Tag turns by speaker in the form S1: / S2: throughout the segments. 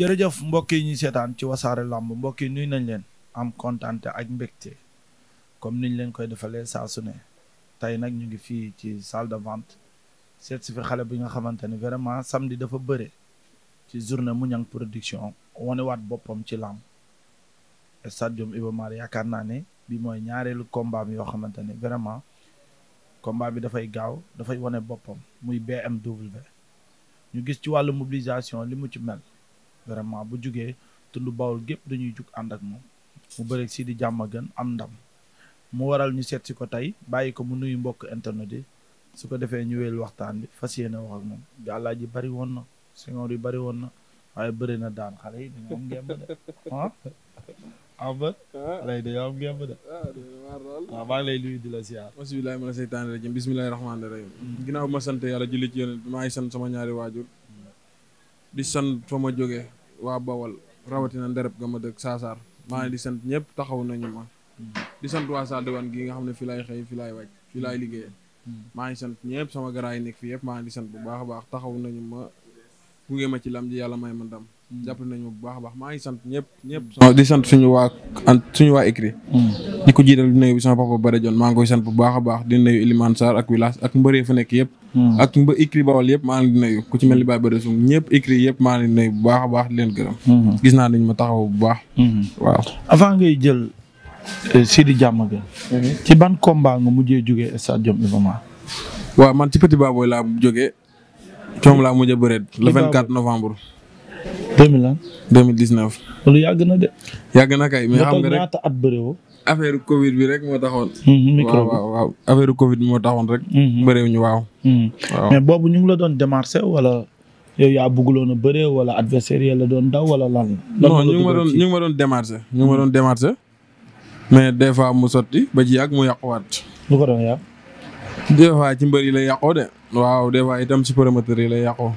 S1: jërëjëf mbokk yi ñu seetaan ci wasaare làmb mbokk yi nuy nañ leen am kontaan ak mbégte comme niñ leen koy defalee saasu ne tey nag ñu ngi fii ci salle de vente seet si fi xale bi nga xamante ne vraiment samedi dafa bëre ci journée Mouniang production wanewaat boppam ci làmb stadium Iba Mar yaakaar naa ne bi mooy ñaareelu combat bi yoo xamante ne vraiment combat bi dafay gaaw dafay wane boppam muy BMW ñu gis ci wàllu mobilisation li mu ci mel vraiment bu jugee tund bawul gépp dañuy jug ànd ak moom mu bëreeg si di jàmm gën am ndam mu waral ñu seet si ko tey bàyyi ko mu nuyu mbokk internet yi su ko defee ñu wéyal waxtaan bi fas yéene wax ak moom gàllaa ji bari woon na sengoor yi bari woon na waaye bëri
S2: na daan xale yi dañoo am ngemb de ah am ba ah. xale yi dañoo am ngemb de ah, waaw ah, maa ngi ma sant yàlla julli ci bi maa ngi sant sama ñaari waajur di sant fa ma jóge waa Bawol rawatina ndereb ga ma dëkk saasaar maa ngi di sant ñëpp taxaw nañu ma di sant waa Saal waan gi nga xam ne fi laay xëy fi laay wàcc fi laay liggéeyee maa ngi sant ñëpp sama garaay nekk fi yëpp maa ngi di sant bu baax a baax taxaw nañu ma gunge ma ci lam ji yàlla may ma ndam jàpp nañu bu baax a maa ngi sant ñëpp ñëpp di sant suñu waa suñu waa écrit di ko di nuyu bi sama papa Bada Dione maa ngi bu baax a baax di nuyu Elimane Sarr ak Wilaas ak mbëree fa nekk yëpp Hmm. ak ba écrit bawal yëpp maa ngi nuyu ku ci mel ni Baye Bada Soum ñëpp écrit yëpp maa ngi nuyu bu baax a baax leen gërëm. Hmm. gis naa dañ ma taxaw bu baax. Hmm.
S1: waaw avant ngay jël euh, Sidi jàmm ci ban combat mujjee jógee stade Jom Iba Mar. waaw man ci Petit
S2: Baboy laa jógee coom laa mujj a bëreet le 24 novembre. 2000 lan. 2019. loolu yàgg na de. yàgg na kay mais xam nga rek affaire Covid bi rek moo taxoon. Mhm, micro bi waaw waaw affaire Covid bi moo taxoon rek. Mhm. bëree ñu mhm. waaw. mais
S1: boobu ñu ngi la doon démarché wala. yow yaa bëgguloon a bëree wala adversaire yi la doon daw wala lan. non ñu ngi ma doon
S2: ñu ñu ngi ma mais des fois mu ba ci yàgg mu yàquwaat. lu ko doon yàq. des fois ci mbër yi lay yàqoo de. waaw des fois itam ci yi lay yàqoo.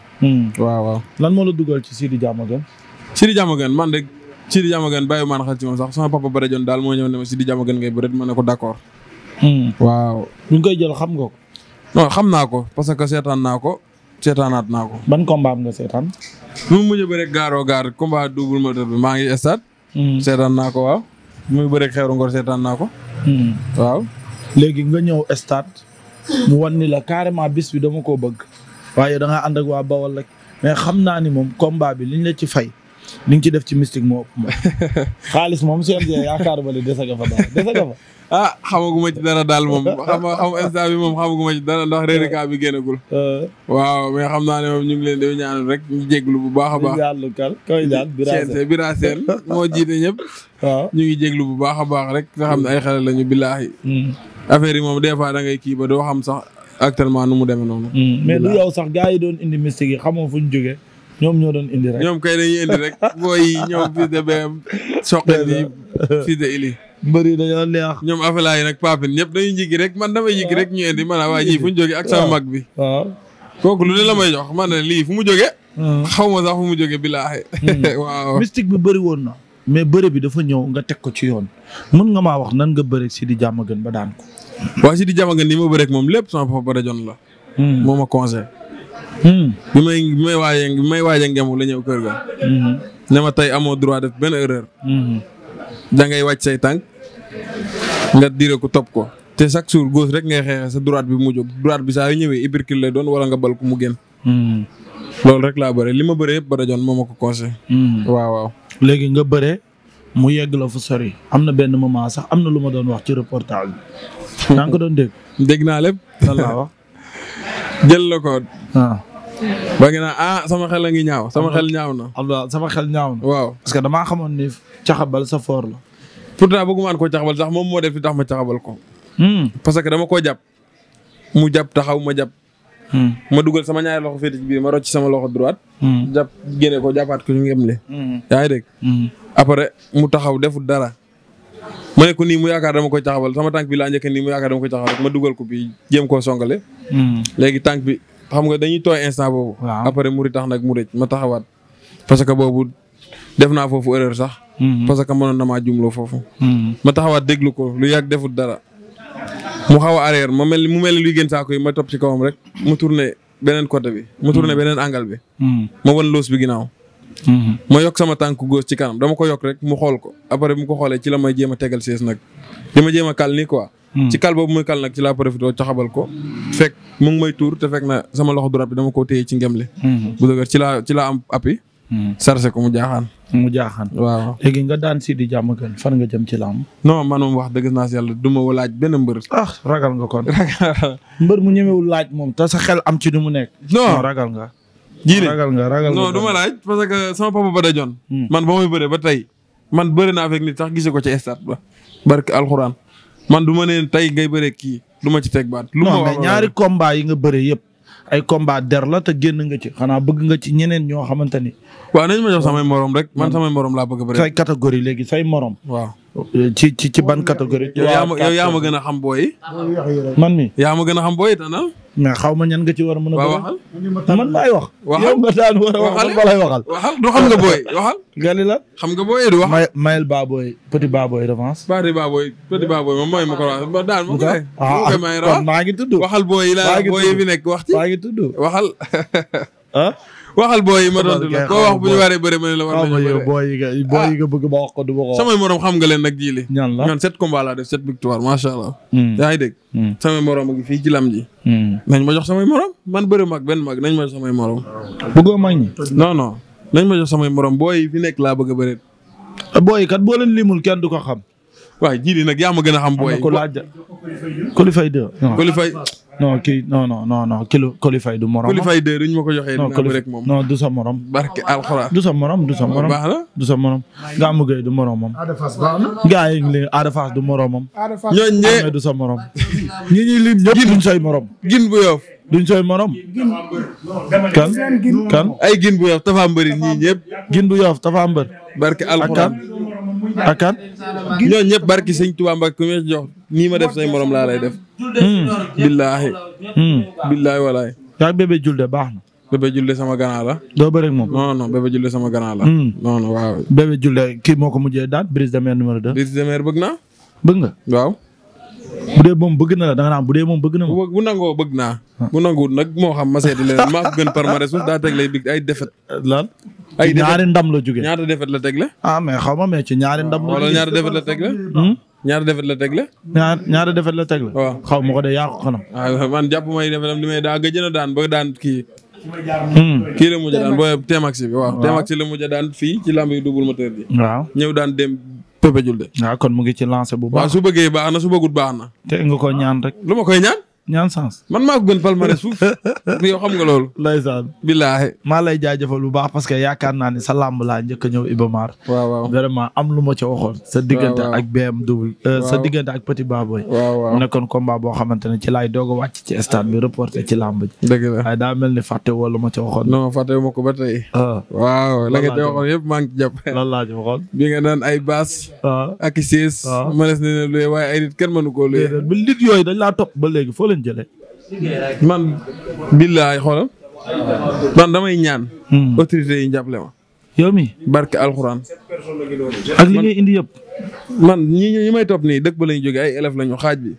S2: lan moo la dugal ci Sidi Diamaguène. Sidi Diamaguène man de. si di jàmm gan bàyyi maan xel ci moom sax sama papa ba rajoon daal moo ñëw ne ma si di jàmm gan ngay bëreet ma ne ko d'accord. Hmm. waaw. ñu ngi koy jël xam nga ko. xam naa ko parce que seetaan naa ko seetaanaat naa ko. ban combat am nga seetaan. mu mujj bëreeg gaaroo gaar combat double moteur bi maa ngi stade. Hmm. seetaan naa ko waaw. muy bëreeg xeeru seetaan naa ko. Hmm. waaw. nga ñëw stade. mu wan ni la carrément bis
S1: bi dama ko bëgg. waaye da ngaa ànd ak waa Bawol rek mais xam naa ni moom combat bi liñ la ci fay. ni nga ci def ci mystique moo moom xaalis moom si am yaakaar ba ne dese nga fa daal
S2: dese nga fa. ah xamaguma ci dara daal moom xam xam instant bi moom xamaguma ci dara ndax réerikat bi génnagul. Euh. waaw mais xam naa ne moom ñu ngi leen di ñaanal rek ñu jéglu bu baax a baax. yàlla kal koy daal Biraseen moo jiite ñëpp. ñu ngi jéglu bu baax a baax rek nga xam ne ay xale lañu billaahi. Mm. affaire yi moom des fois da ngay kii ba doo xam sax actuellement nu mu demee noonu. Mm. mais lu yow
S1: sax gars yi doon indi mystique yi xamoo fu ñu jógee. ñoom ñoo doon indi rek ñoom kay dañuy indi
S2: rek booy ñoom fils de BM soqandi fils mbër yi dañoo neex ñoom affaire yi nag papin ñëpp dañuy jigi rek man damay jigi rek ñu indi man a waa ji fu ñu jógee ak sama mag bi kooku lu ne la may jox man ne lii fu mu jógee hmm. xaw ma sax fu mu jógee bilaahi hmm. waaw
S1: bi bëri woon na mais bëre bi dafa ñëw nga teg ko ci yoon mën nga maa wax nan
S2: nga bëre si di jàmm gën ba daan ko waa si di jàmm gën ni ma bëreek moom lépp sama papa rajon la hmm. moo ma conseil Hmm. bi may bi may waaj bi may waaj a ngemu la ñëw kër ga. Hmm. ne ma tey amoo droit def benn erreur. Hmm. da ngay wàcc say tànk nga dire ko topp ko te chaque jour gauche rek ngay xeexee sa droite bi mu jóg droite bi saa yu ñëwee uppercut lay doon wala nga bal ko mu génn. loolu rek laa bëre li ma bëree yëpp ba dajoon moo ma ko conseillé.
S1: waaw waaw léegi nga bare mu yegg la fu sori am na benn moment sax am na lu ma doon wax ci reportage bi. yaa ngi ko doon dégg. dégg naa lépp. lan
S2: jël la ko. Ah. ba nga ah, sama xel a ngi ñaaw sama xel ñaaw na. Abdoulaye sama xel ñaaw na. waaw parce que damaa xamoon ni caxabal sa foor la. pourtant bëggumaan koo caxabal sax moom moo def li tax ma caxabal ko. Hmm. parce que dama koo jàpp. mu jàpp taxaw ma jàpp. Hmm. ma dugal sama ñaar loxo féete biir ma rocc sama loxo droite. Hmm. jàpp génne ko jàppaat ko ñu ngem le. yaa ngi dégg. après mu taxaw defut dara. ma ne ko nii mu yaakaar dama koy caxabal sama tànk bi laa njëkk nii mu yaakaar dama koy caxabal rek ma dugal ko bi jéem koo songale. léegi tànk bi xam nga dañuy tooy instant boobu. après mu tax nag mu rëcc ma taxawaat. parce que boobu def naa foofu erreur sax. Mhm. parce que mënoon na maa jumloo foofu. Mhm. ma taxawaat déglu ko lu yàgg defut dara. mu xaw a arrière ma mel ni mu mel ni luy gën saako yi ma topp ci kawam rek mu tourné beneen côté bi. mu tourné mhm. beneen angle bi. ma wan loos bi ginnaaw. ma yokk sama tànk góos ci kanam dama ko yokk rek mu xool ko après mu ko xoole ci la may jéem a tegal sees nag. dama jéem a kàl nii quoi. Mm. ci kal boobu muy kal nag ci laa profité caxabal ko fekk mu mooy tuur te fekk na sama loxo droite bi dama koo téye ci ngem li mm. bu dëgër ci laa ci laa am appui mm. sarse ko mu jaaxaan mu jaaxaan waaw léegi nga daan si di jàmm gën fan nga jëm ci làmb non man moom wax dëgg
S1: naa si yàlla du laaj benn mbër ah ragal nga kon mbër mu ñëmewul laaj moom te sa xel am ci du mu nekk non ragal nga jiine ragal nga ragal nga non du ma
S2: laaj parce que sama papa ba da man ba muy bëre ba tey man bëri naa fekk nit sax gise ko ci stade ba barke alxuraan man duma ma ne tey ngay bëre kii du ma ci teg baat. lu ma mais ñaari
S1: combat yi nga bëre yëpp ay combat der la te génn nga ci xanaa bëgg nga ci ñeneen ñoo xamante ni. waaw nañ ma jox samay morom rek man samay morom la bëgg a bëre. say catégorie léegi say morom. waa ci ci ci ban catégorie. yaa ma
S3: gën a xam booy man
S1: mi yaa ma gën a xam booy tana mais xaw ma ñan nga ci war a mën a. waaw waxal man maay wax. waxal yow nga daan war a waxal balay waxal. waxal du xam nga booy waxal. gàlli la xam nga booy du wax. may mayel baabooy petit baabooy revanche.
S2: petit baabooy petit baabooy moom mooy ma ko wax daan ma ko lay. ah kon maa ngi tudd. waxal booy yi laa yi fi nekk wax ci. maa ngi waxal booy yi ma tontu la bu ñu waree bëre ma ne la war nañu bëre booy yi
S1: nga ah. booy yi nga bëgg ma wax ko du ma ko wax samay morom
S2: xam nga leen nag jiile la ñoon sept combat laa def victoire macha allah hmm. yaa ngi dégg hmm. samay morom a ngi fii ci lam ji hmm. nañ ma jox samay morom man bëri mag benn mag nañ ma jox samay morom bëggoo mag ñi non non nañ ma jox samay morom booy yi fi nekk laa bëgg a bëreet booy kat boo leen limul kenn du ko xam waaye jiili nag yaa ma gën a xam. booy ko laaj Colifay 2. Colifay.
S1: non kii non non non non kilo Colifay du morom. Colifay 2
S2: duñ ma ko joxee. non rek moom non du sa morom. barke alxuraan du
S1: sa morom du sa ah, morom. baax na du morom. Gamou Gueye du moromam. du moromam. ñooñu du sa morom. ñi ñuy lim ñëpp duñ say morom. gin bu yoof duñ sooy
S2: morom. kan ay gin bu yoof tafa mbëri ñii ñëpp. gin bu yoof tafa mbër. barke alxuraan
S4: akan ñooñu ñëpp
S2: barki sëñ Tuubaa ku ma jox def say morom laa lay def. billaahi. billaahi walaay. yaa ngi bébé julde baax na. bébé julde sama gannaaw la. doo bëri ak moom non non bébé julde sama gannaaw la. Hmm. non non waaw. bébé julde kii moo ko mujjee daan brise de mer numéro 2. brise de mer bëgg na bëgg nga
S1: bu dee moom bëgg na la da nga naan bu dee moom bëgg na ma.
S2: bu nangoo bëgg naa. bu nanguwul xam ma seeti leneen maa ko gën palmarès daa teg lay big ay defet lan ay ñaari
S1: ndam la jógee ñaari defet la teg la. ah mais xaw ma mais ci ñaari ndam. wala defet la teg la. Hmm?
S2: ñaari defet la teg la.
S1: ñaar ñaari defet la teg xaw ma ko de yaa ko xanam.
S2: waaw ah, man jàpp may defetam li may daa gëj na daan ba daan kii. Hmm. kii la mujj daan booy Temax ci lamb yi double moteur bi.
S1: Pépé Julde. waaw kon mu ngi ci lancé bu ba waaw su
S2: bëggee baax na su bëggut baax na.
S1: te nga ko ñaan rek. lu ma koy ñaan. ñaan sans man maa ko gën palmarès fuuf yow xam nga loolu ndeysaan billaahi maa lay jaajëfal bu baax parce que yaakaar naa ne sa làmb laa njëkk a ñëw Ibamar waaw waaw vraiment am lu ma ca waxoon sa diggante ak BMW euh, sa diggante ak Petit Baboy waaw waaw mu nekkoon boo xamante ne ci laay doog a ci stade bi reporté ci làmb ji dëgg la waaye daa mel ni fàtte woo lu ma ca waxoon non
S2: fàtte ma ko ba tey
S1: ah. la nga ca waxoon
S2: yëpp maa ngi ci jàpp lan laa ci waxoon bi nga naan ah. ah. yooyu dañ laa topp ba leen jëlee. man billaay xoolal man damay ñaan. Hmm. autorités yi ñu jàppale ma. yow mi barke alxuraan. ak li ngay indi yëpp. man ñi ñi may topp nii dëkk ba la ñu jógee ay élèves lañu xaaj bi.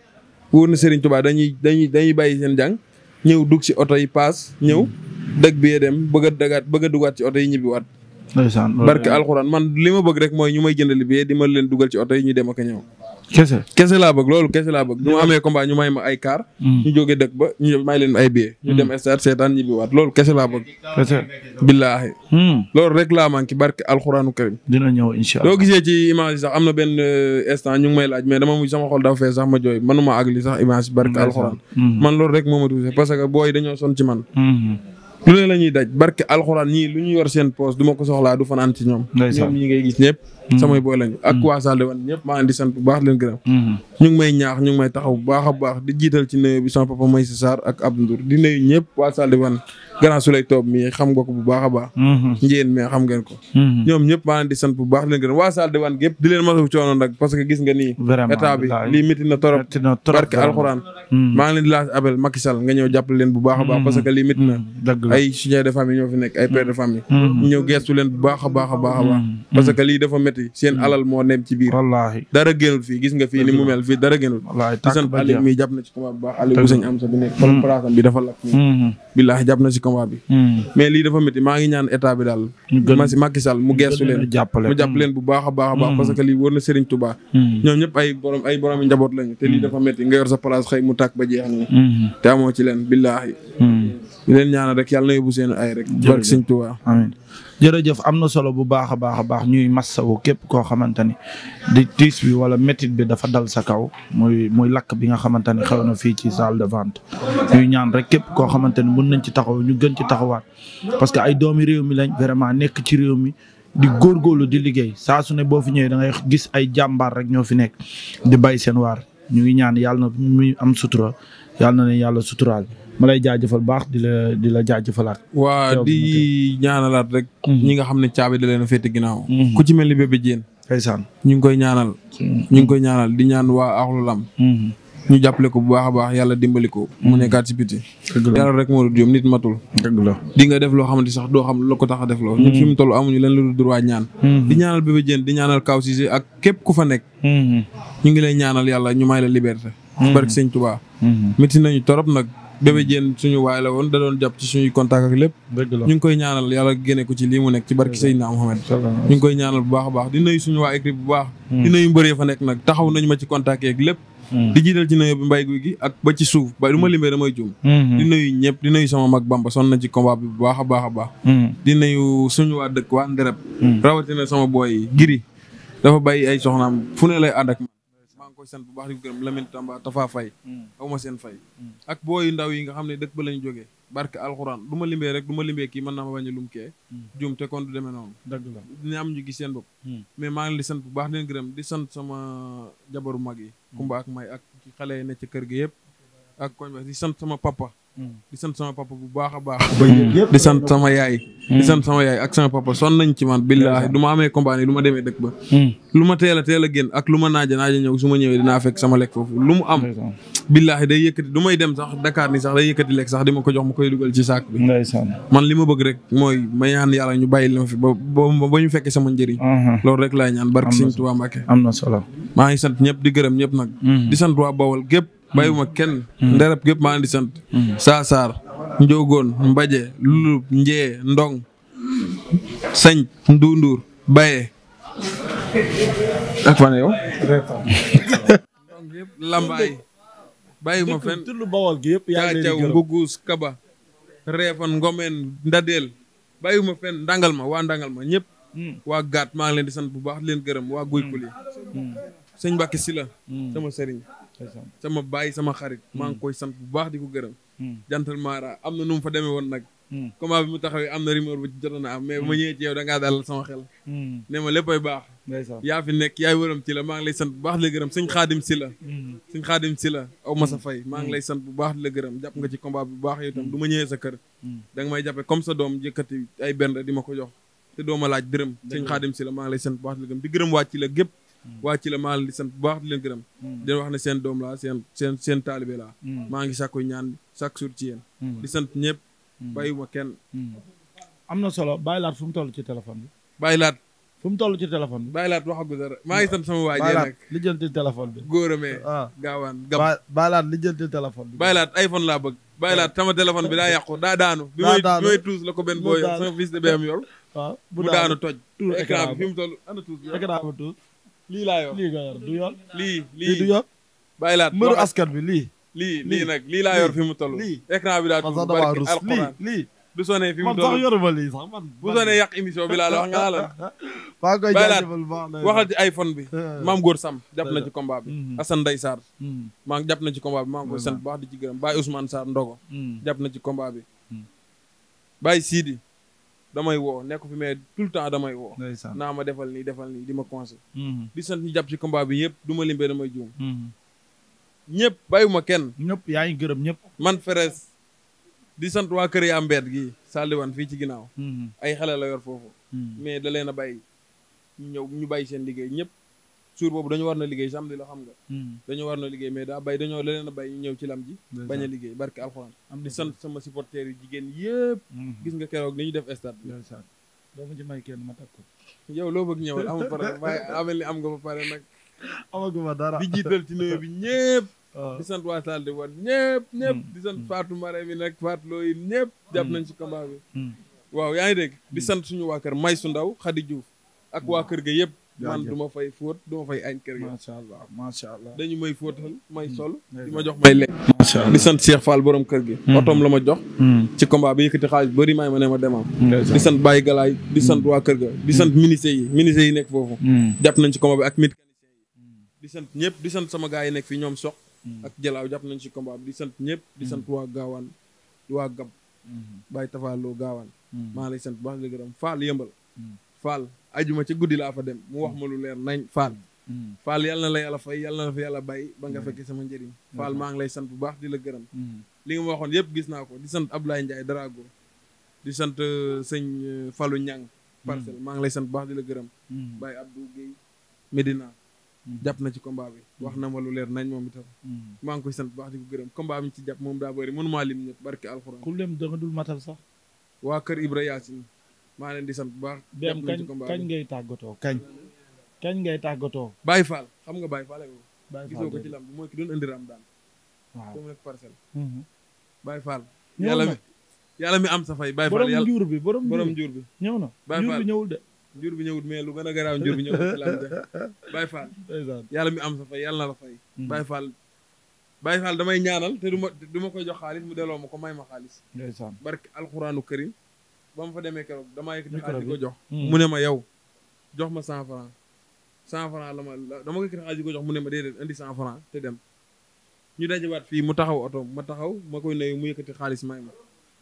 S2: wóor na Serigne Touba dañuy dañuy dañuy bàyyi seen jàng ñëw dugg ci oto yi paas ñëw dëkk bi dem bëgg a dugaat ci oto yi ñibbiwaat. ndeysaan barke alxuraan man li ma bëgg rek mooy ñu may jëndali bi di ma leen dugal ci oto yi ñu dem ak a ñëw. kese kese laa bëgg loolu kese laa bëgg. ñu amee combat ñu may ma ay car. Mm. ñu jógee dëkk ba ñu may leen ay billets. ñu dem mm. stade seetaan ñibbiwaat loolu kese laa bëgg. kese billaahi. Mm. loolu rek laa man ki barke alxuraanu karim. dina ñëw incha allah am na benn euh, instant ñu ngi may laaj mais dama mujj sama xol dafa fees sax ma jooy manuma àgg sax image barke alxuraan. Mm-hmm. man loolu rek moo ma tuuse parce que boo booy dañoo son ci man. Mm-hmm. lu ne la ñuy daj barke alxuraan ñii lu ñuy yor seen poos du ma ko soxlaa du fanaan ci ñoom. ñoom ñi ngay gis ñëpp. Mm-hmm. samay booy lañu ak mm-hmm. waa Sall de wan ñëpp maa ngi di sant bu baax leen gërëm. Mm-hmm. ñu ngi may ñaax ñu may taxaw bu baax a baax di jiital ci nuyu bi sama papa Maysa Sarr ak Abdou Ndour di nuyu ñëpp waa Sall de grand su lay toob xam nga bu baax a baax mhm. njéen mais xam ngeen ko mhm. ñoom ñëpp maa leen di bu baax leen waa Saal Diwane gépp di leen masawu coono nag parce que gis nga nii état lii métti na torop mhm. parce que lii métti na ay chien ñoo fi nekk leen bu baax a baax a baax parce que lii dafa métti seen alal moo nem ci biir dara génnul fii gis nga fii ni mu mel fii dara génnul di sant Aliou mii na ci combat bu baax Aliou bu am sa bi nekk place am bi billaahi jàpp na si combat bi. Hmm. mais lii dafa métti maa ngi ñaan état bi daal. ma si Macky Sall mu geestu leen. mu jàpp leen bu baax a baax a baax. Hmm. parce que lii wër na Serigne Touba. Hmm. ñoom ñëpp ay borom ay borom yu njaboot lañu. te lii dafa métti nga yor sa place xëy mu tàkk ba jeex nii. te amoo ci leen billaahi. di leen ñaanal rek yàlla na yóbbu seen ay rek. barke Serigne Touba jërëjëf am na solo bu baax
S1: a baax a baax ñuy massawu képp koo xamante ni di tiis bi wala métit bi dafa dal sa kaw muy muy lakk bi nga xamante ne xew na fii ci salle de vente ñuy ñaan rek képp koo xamante ni mën nañ ci taxaw ñu gën ci taxawaat parce que ay doomi réew mi lañ vraiment nekk ci réew mi di góorgóorlu di liggéey saa su ne boo fi ñëwee da ngay gis ay jàmbaar rek ñoo fi nekk di bay seen waar ñu ngi ñaan yàlla na muy am sutura yàlla na leen yàlla suturaal ma lay jaajëfal baax di la di la jaajëfalaat.
S2: waa di ñaanalaat rek. Mhm. ñi nga xam ne caabi da leen a féete ginnaaw. Mhm. ku ci mel ni bébé Diène. ndeysaan ñu ngi koy ñaanal. Mhm. ñu ngi koy ñaanal di ñaan waa Axlu Lam. ñu jàppale ko bu baax a baax yàlla dimbali ko. mu nekkaat ci biti. yàlla rek moo dul jom nit matul. dëgg la di nga def loo xamante sax doo xam lu ko tax a def loolu. ñun fi mu toll amuñu leen lu dul waa ñaan. di ñaanal bébé di ñaanal Kaw Cissé ak képp ku fa nekk. ñu ngi lay ñaanal yàlla ñu may la liberté. barke Sëñ Tuubaa. métti Bébé suñu waay la woon da doon jàpp ci suñuy contact ak lépp. ñu ngi koy ñaanal yàlla génne ko ci lii mu nekk ci barki Seydina Mohamed. ñu ngi koy ñaanal bu baax a baax di nuyu suñu waa hmm. hmm. ba ci suuf ba lu ma hmm. a a dëkk waa Ndereb. rawatina sama booy giri dafa bàyyi ay soxnaam fu ne lay ànd ak ngi koy sant bu baax di ko gërëm Lamine Tamba Tafa Faye a ma seen fay ak booyu ndaw yi nga xam ne dëkk ba lañu jógee barke alxuraan du ma limbee rek du ma limbee kii mën naa ma bañ a lum kee mm. juum te kon du demee noonu dëgg ñu gis seen bopp mm. mais maa ngi di sant bu baax di gërëm di sant sama jabaru mag yi mm. kumba ak may ak xale yi ne kër gi yëpp ak koñ ba di sant sama papa di sant sama papa bu baax a baax. Mm. di sant sama yaay. di mm. sant sama yaay ak sama papa son nañ ci man. billaahi mm. du ma amee combat ni du ma demee dëkk ba. lu ma teel a teel a ak lu ma naaja naaja ñëw su ma ñëwee dinaa fekk sama lekk foofu lu mu am. billaahi day yëkkati du may dem sax Dakar ni sax day yëkkati lekk sax di ma ko jox ma koy dugal ci saak bi. man li ma bëgg rek mooy ma ñaan yàlla ñu bàyyi li ma fi ba ba ñu fekkee sama njëriñ. Uh-huh. loolu rek laay ñaan barke Sëñ Tuubaa Mbàkke. am na solo maa ngi sant ñëpp di gërëm ñëpp nag. di sant waa Bawol gépp ma kenn. Hmm. ndarab yépp maa andi sant. Hmm. saasaar njogoon mbaje lulub njee ndong sañ nduunduur baye ak fan yow. ndong yëpp lambaay bàyyiwuma fenn yaa ngi nguguus kaba reefan ngomeen ndadeel bàyyiwuma fenn ndàngal ma wa ndàngal ma ñëpp. Hmm. waa gaat maa ngi leen di sant bu baax leen gërëm waa guy kuli sëñ Mbàkke Sylla sama sëriñ sama bàyyi sama xarit maa ngi mm. koy sant bu baax di ko gërëm mm. jantal maara am na nu mu fa demee woon nag mm. comment bi mu taxawee am na rumeur bu ci jotoon am mais ngaa dalal sama xel ne yaa fi nekk yaay wëram ci la maa ngi lay sant bu baax di la gërëm sëñ xaadim si la sëñ xaadim si la aw ma maa ngi lay sant bu baax di la gërëm jàpp nga ci combat bu baax yow itam du ma ñëwee sa kër da nga may jàppee comme sa doom jëkkati ay benn di ma ko jox te doo ma laaj dërëm sëñ xaadim si la maa ngi lay sant bu baax di la gërëm di gërëm wàcc la gépp Mm. waa ci la maa leen di bu baax di leen gërëm mm. di wax ne seen doom laa seen seen seen laa mm. maa ngi sak sàkku ñaan sàkk suur ci yéen di sant ñëpp bàyyiwuma kenn
S1: am na solo bàyyi laat fu mu toll ci téléphone bi bàyyi laat fu mu toll ci téléphone bi
S2: bàyyi laat waxagu dara maa ngi sant sama waa ji nag
S1: li jëntil téléphone bi
S2: góoramee ah.
S1: laat li jëntil téléphone bi bàyyi laat iPhone laa
S2: bëgg bàyyi laat sama téléphone bi daa yàqu
S1: daa daanu bi may bi may la ko benn booy sama fils de bam yor
S4: bu ah, daanu toj tuur bi fi mu
S2: toll lii laa yor lii lii lii du laat mbëru askan bi lii. lii lii nag lii laa yor fi mu toll. lii écran bi daa tudd barki alxuraan lii du sonné fi mu toll man sax bu sonné yàq émission bi laa la wax nga la.
S1: maa ngi koy jaajëfal waxal ci iPhone bi. maam góor Samb jàpp na ci combat bi. Mm-hmm. Assane Ndeye Sarr.
S2: Mm-hmm. maa jàpp na ci combat bi maa sant bu di ci gërëm Baye Ousmane Ndogo. Mm-hmm. jàpp na ci combat bi. damay woo nekk fi mais tout le temps damay woo naa ma defal nii defal nii di ma conseil mhm. di sant ñu jàpp ci combat bi yëpp du ma limbee damay juum mhm. ñëpp bàyyuma kenn ñëpp yaa ngi gërëm ñëpp man feres di sant waa kër yaa mbeet gi salliwan fii ci ginnaaw mhm. ay xale la yor foofu mais da leen a bàyyi ñëw ñu bàyyi seen liggéey ñëpp suur boobu dañu war na liggéey samedi la xam nga hmm. dañu war na liggéey mais daa bay dañoo leneen a bay ñu ñëw ci lam ji bañ a liggéey barke alxuraan di sant sama supporters yi jigéen yëpp hmm. gis nga keroog ni ñu def stade bi doo ma ci may kenn ma takk loo bëgg ñëwal amul am nga ba pare nag
S3: amaguma dara di jiital ci nuyu
S2: bi ñëpp ah. di sant waa Sall di wan ñëpp ñëpp hmm. di sant Fatou Mare mi nag Fatou Lo yi ñëpp jàpp nañ si combat bi waaw yaa ngi dégg di sant suñu waa kër may su Ndaw Khady Diouf ak waa kër ga yëpp man du ma fay fóot du ma fay añ kër gi. macha allah macha allah dañu may fóotal may sol. Mm, di ma jox may lekk. macha allah di sant Cheikh Fall borom kër gi. Mm. otoom la ma jox. Mm. ci combat bi yëkkati xaalis bëri maay ma ne ma demaam. di sant Baye Galaay di sant waa kër ga. di sant ministre yi ministre yi nekk foofu. jàpp nañ ci combat bi ak mécanicien yi. di sant ñëpp di sant sama gars yi nekk fii ñoom sox ak Jalaaw jàpp nañ ci combat bi di sant ñëpp. di sant waa Gaawaan waa Gab. Baye Tafaloo Gaawaan. maa lay sant baax la gërëm Fall yëmbal Fall ajuma ci guddi laa fa dem mu wax mm. ma lu leer nañ faal faal yàlla na la yàlla fay yàlla na la fa yàlla bàyyi ba nga mm. fekkee sama njëriñ mm. faal maa ngi lay sant bu baax di la gërëm li ma waxoon yëpp gis naa ko di sant Ablaye Ndiaye Darago di sant euh, sëñ euh, Fallou Niang parcelle maa ngi lay sant bu baax di la gërëm Baye Abdou Guèye Medina jàpp na ci combat bi wax na ma lu leer nañ moom itam maa ngi koy sant bu baax di ko gërëm combat bi ci jàpp moom daa bëri mënumaa lim ñëpp barke alxuraan ku lim da
S1: dul matal sax
S2: waa kër Ibra Yaasin maa leen di sant bu baax. dem kañ kañ ngay
S1: tàggatoo kañ. kañ ngay tàggatoo. Baye Fall
S2: xam nga Baye Fall ak moom. mooy ki doon indi ram daan. waaw te mu nekk parcelle. Mhm. mi am sa fay baay Fall yàlla borom njuur borom njuur bi. ñëw na njuur bi ñëwul de. njur bi ñëwut mais lu gën a njur bi ñëwut ci lam de yàlla mi am sa fay yalla na la fay mhm. Baye Fall Baye Fall damay ñaanal te du ma du ma koy jox xaalis mu delloo ma ko may ma xaalis barke alxuraanu karim ba ma fa demee keroog damaa yëkkati xaalis di jox. Hmm. mu ne ma yow jox ma cent franc cent dama ko yëkkati xaalis di jox mu ne ma déedéet indi cent franc te dem. ñu dajawaat fii mu taxaw oto ma taxaw ma koy nuyu mu yëkkati xaalis may ma.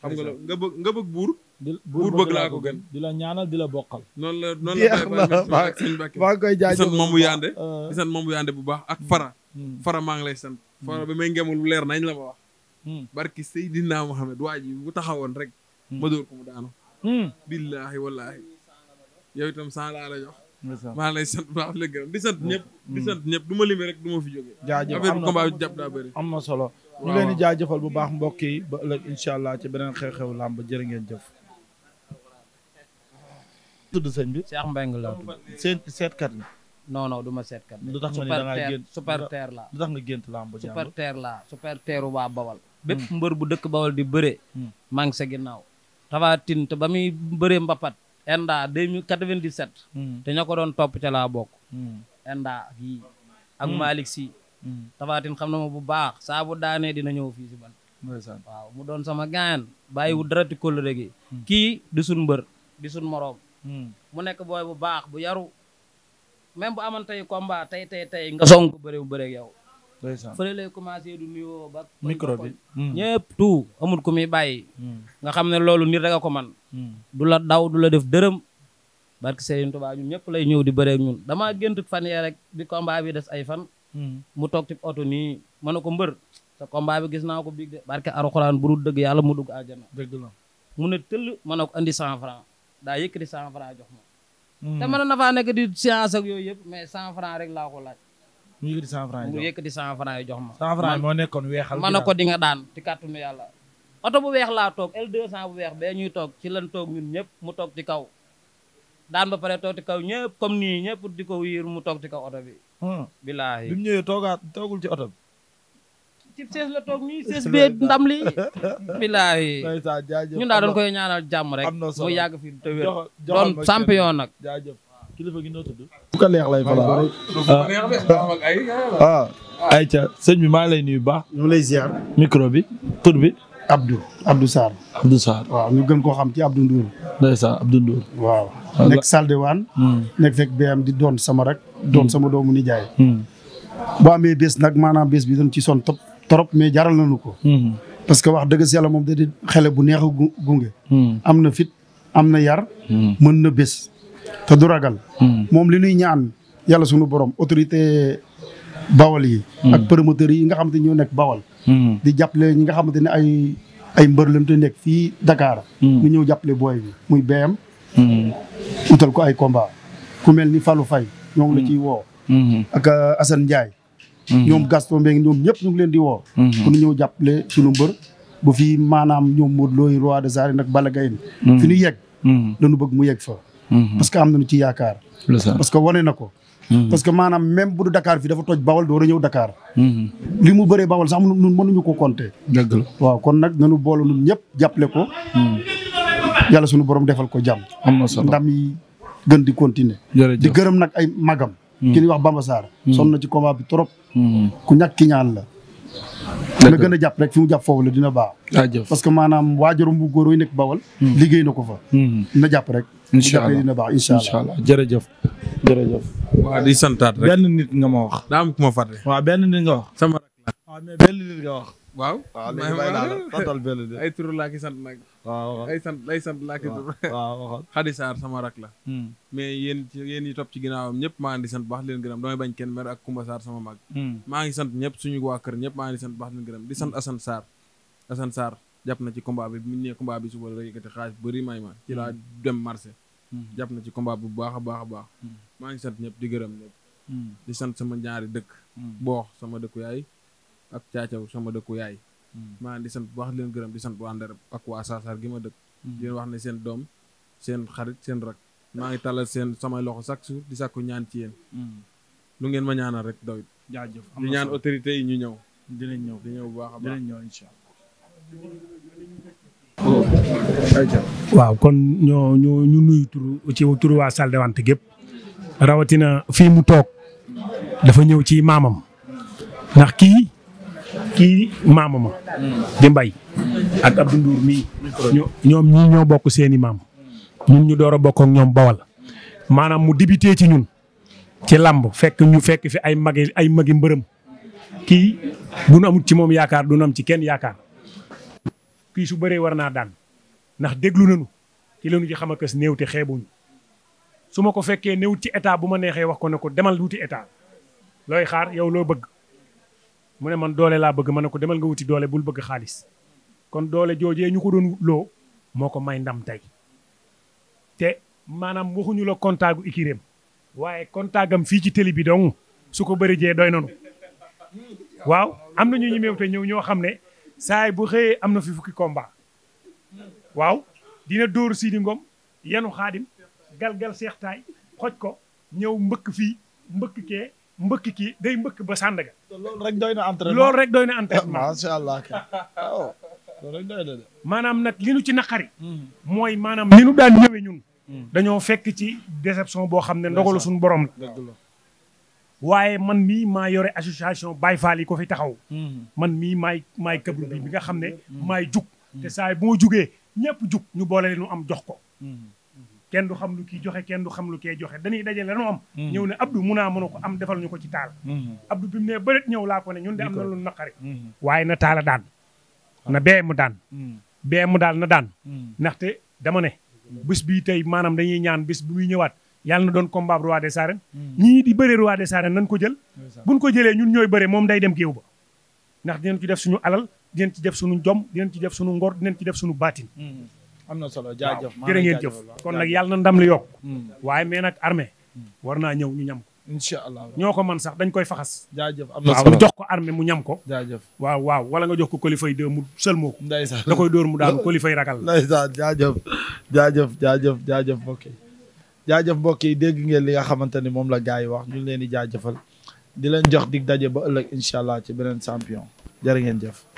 S2: xam nga nga bëgg buur. buur bëgg laa di la ñaanal di la bokkal. noonu la noonu la bàyyi seen bàkke maa ngi moomu yaande bu baax ak fara hmm. Hmm. fara maa ngi lay sant fara ba may ngemul leer nañ la ma wax barki Seydina Mohamed waa ji bu taxawoon rek ma dóor ko mu daanu Hmm. billaahi wallaahi yow itam sant laa la jox. Hmm. du ma limee rek du ma fi jógee.
S1: am na solo ñu leen di jaajëfal bu baax mbokk yi ba ëllëg incha allah ci beneen xew-xew làmb jërë ngeen jëf.
S5: tudd sëñ bi. Cheikh Mbengue laa tudd. seen seetkat la. non non du ma seetkat. lu tax nga ni da ngaa la lu tax nga gént làmb teer la supporteru waa Bawal. bépp hmm. mbër bu dëkk Bawal di bëree. maa ngi sa ginnaaw. Tapha Tine te ba muy bëree Mbapat. Enda 2097. Hmm. te ña ko doon topp ca laa bokk. Hmm. Enda yii ak hmm. Malick si Tapha Tine xam na ma bu baax saabu bu daanee dina ñëw fii si man. waaw mu doon sama gaayan bàyyiwu dara ci kóllëre gi kii di suñ mbër di suñ moroom mu nekk booy bu baax bu yaru même bu amoon tey combat tey tey tey nga song ko bëree bu bëreeg yow fële lay commencé du nuyoo ba. micro bi hmm. ñëpp tout amul ku hmm. nga xam ne loolu nit rek ko man hmm. du la daw du la def dërëm. barke Serigne Touba ñun ñëpp lay ñëw di bëreek ñun damaa gént fan yee rek bi combat bi des ay fan. mu toog ci oto nii ma ne ko mbër. te combat bi gis naa ko biig de barke Alxuraan bu dul dëgg yàlla mu dugg àjjana. dëgg la mu ne tëll ma ne ko andi cent franc daa yëkkati cent franc jox ma. te mën na nekk di séance yooyu yëpp mais cent franc mu yëkkati cent franc yi jox mu yëkkati cent franc yi jox ma. cent franc moo
S1: nekkoon weexal. ma ko di nga
S5: daan ci kàttanu yàlla. oto bu weex laa toog L200 bu weex bee ñuy toog ci lan toog ñun mu toog ci kaw. daan ba pare toog ci kaw ñëpp di ko wiir mu toog ci kaw oto bi. Hmm. billaahi bi mu
S1: ñëwee ci oto bi.
S5: ci sees la toog nii sees bee ndam li billaahi ñun daa doon koy ñaanal jàmm rek. am na mu yàgg fi te wér doon champion nag. kilifa gi noo leex
S1: lay fala waaw ah. ah. ayca ah. sëñ bi maa lay nuyu baax.
S3: ñu lay ziar. micro bi tur bi. Abdou Abdou Sarr. Abdou Sarr waaw ñu gën koo xam ci Abdou Ndour. ndeysaan Abdou Ndour. waaw nekk Salde hmm. nekk fekk BM di doon sama rek. Hmm. doon sama doomu nijaay. Hmm. boo amee bés nag maanaam bés bi dañ ci son top trop mais jaral nañu ko. parce que wax dëgg si yàlla moom da di xele bu neex a gunge. am na fit am na yar. mën na bés. te du ragal. Hmm. moom li ñuy ñaan yàlla sunu borom autorité bawal yi. Hmm. ak promoteurs yi nga xamante ñoo nekk bawal. Hmm. di jàppale ñi nga xamante ne ay ay mbër lañ te nekk fii dakaar ñu ñëw jàppale booy bi muy BM. utal ko ay combat ni Fallou Faye ñoo ngi la ciy woo. ak euh, Assane Ndiaye. ñoom Gaston Mbengue ñoom ñëpp ñu leen di woo. ku ñu ñëw jàppale sunu mbër. bu fi maanaam ñoom Modou Lo roi des arènes nag Balla Gaye fi ñu yegg. lañu bëgg mu yegg fa. Mm-hmm. parce que am na nañu ci yaakaar. parce que wane na ko. Mm-hmm. parce que maanaam même bu du Dakar fii dafa toj Bawol door a ñëw Dakar. Mm-hmm. li mu bëree Bawol sax ñun mënuñu ko compter. dëgg la waaw kon nag na nanu boole ñun ñëpp jàppale ko. yàlla sunu borom defal ko jàmm. am na solo ndam yi gën di continuer. di gërëm nag ay magam. ki ñuy wax Bamba Sarr. sonn na ci combat bi trop. ku ñàkk ki ñaan la. na gën a jàpp rek fi mu jàpp foofu la dina baax parce que maanaam waajuram bu góor yi nekk bawal hmm. liggéey na ko fa hmm. na jàpp rek incha allah dina baax incha allah
S1: jërëjëf jërëjëf waaw di santaat rek benn
S3: nit nga ma wax daa am ku ma fàtte
S1: waaw nit nga wax sama
S2: rak la waaw mais benn nit nga wax waaw waaw léegi bàyyi naa la santal benn waaw ay sant lay sant laa waaw Xadi Saar sama rak la hmm. mais yéen yéen ñi topp ci ginnaawam ñëpp maa ngi di sant baax leen gërëm damay bañ kenn ak Kumba Saar sama hmm. maa ngi sant ñëpp suñu waa kër ñëpp maa ngi di sant baax leen gërëm Saar Assane Saar jàpp na ci combat bi mu ne combat bi suba la yëkkati xaalis bëri may ma ci laa hmm. dem marché jàpp na ci combat bu baax a baax a baax maa ngi sant ñëpp di gërëm ñëpp di sant sama ñaari dëkk boox sama dëkku yaay ak caacaw sama dëkku yaay Mm. maa di sant bu baax leen gërëm di sant waa Ndar ak waa Saasar gi ma dëkk mm. wax ne seen doom seen xarit seen rak maa ngi tàllal seen samay loxo chaque di sàkku ñaan ci yéen mm. lu ngeen ma ñaanal rek doyut jaajëf di ñaan yi ñu ñëw dinañ ñëw di ñëw bu baax a baax dinañ
S4: waaw kon ñoo ñoo ñu nuyu turu ci turu waa Salle Diawanté gépp rawatina fi mu toog dafa ñëw ci maamam ndax kii kii maama ma mbay ak Abdou Ndour mii ñoom ñii ñoo bokk seeni maam ñun ñu door a bokk ñoom bawal maanaam mu débuté ci ñun ci làmb fekk ñu fekk fi ay magi ay magi mbërëm kii bu nu amut ci moom yaakaar du am ci kenn yaakaar kii su bëree war naa daan ndax déglu nañu ci lañu ci xam akës néew te xeebuñu su ma ko fekkee néewut ci état bu ma neexee wax ko ne ko demal wuti état looy xaar yow loo bëgg mu ne man doole laa bëgg ma ne ko demal nga wuti doole bul bëgg xaalis kon doole joojee ñu ko doon loo moo ko may ndam tey te maanaam waxuñu la kontaagu ikiréem waaye kontaagam fii ci télé bi dong su ko bari jee doy nanu waaw am na ñu ñemeew ñëw ñoo xam ne saay bu xëyee am na fi fukki combat waaw dina dóor Sidi ngoom yenu xaadim galgal seextaay xoj ko ñëw mbëkk fii mbëkk kee mbëkk kii day mbëkk ba Sandaga. loolu rek doy na entraînement loolu rek doy na entraînement macha allah.
S1: loolu de.
S4: maanaam nag li nu ci naqari. Hmm. mooy maanaam li nu daan ñëwee ñun. Hmm. dañoo fekk ci déception boo xam ne ndogalu suñu borom la. waaye man mii maa yore association baay Fall ko fi taxaw. Hmm. man mii maay maay këblu bi bi nga xam ne. maay jug. te saa yi jugee ñëpp jug ñu boole leen am jox ko. kenn du xam lu kii joxe kenn du xam lu joxe dañuy dajale lanu am mm-hmm. ñëw ne Abdou mun a mën a ko am defal ñu ko ci taal mm-hmm. Abdou bi mu ne bërit ñëw laa ko ne ñun de am na lu naqari mm-hmm. waaye na taala daan ah. na bee mu daan bee mu daal na daan ndaxte dama ne bés bii tey maanaam dañuy ñaan bés bu muy ñëwaat yàlla na doon combat roi des arènes ñii di bëre roi des arènes nañ ko jël buñ ko jëlee ñun ñooy bëre moom day dem géew ba ndax dinañ ci def suñu alal dinañ ci def suñu jom dinañ ci def suñu ngor dinañ ci def suñu baatin
S1: am na solo jaajëf jërë ngeen jëf kon nag yàlla na ndam li yokk hmm.
S4: waaye mais nag armée war naa ñëw ñu ñam ko allah ñoo ko man sax dañ koy faxas jaajëf am na solo ko armée mu ñam ko jaajëf waaw waaw wala nga jox ko kolifay deux mu sëlmoo ko ndeysaan da koy dóor mu daanu kolifay ragal ndeysaan
S1: jaajëf jaajëf jaajëf jaajëf mbokk jaajëf mbokk yi dégg ngeen li nga xamante ni moom la gars yi wax ñu ngi leen di jaajëfal di leen jox dig daje ba ëllëg incha allah ci beneen champion jërë ngeen jëf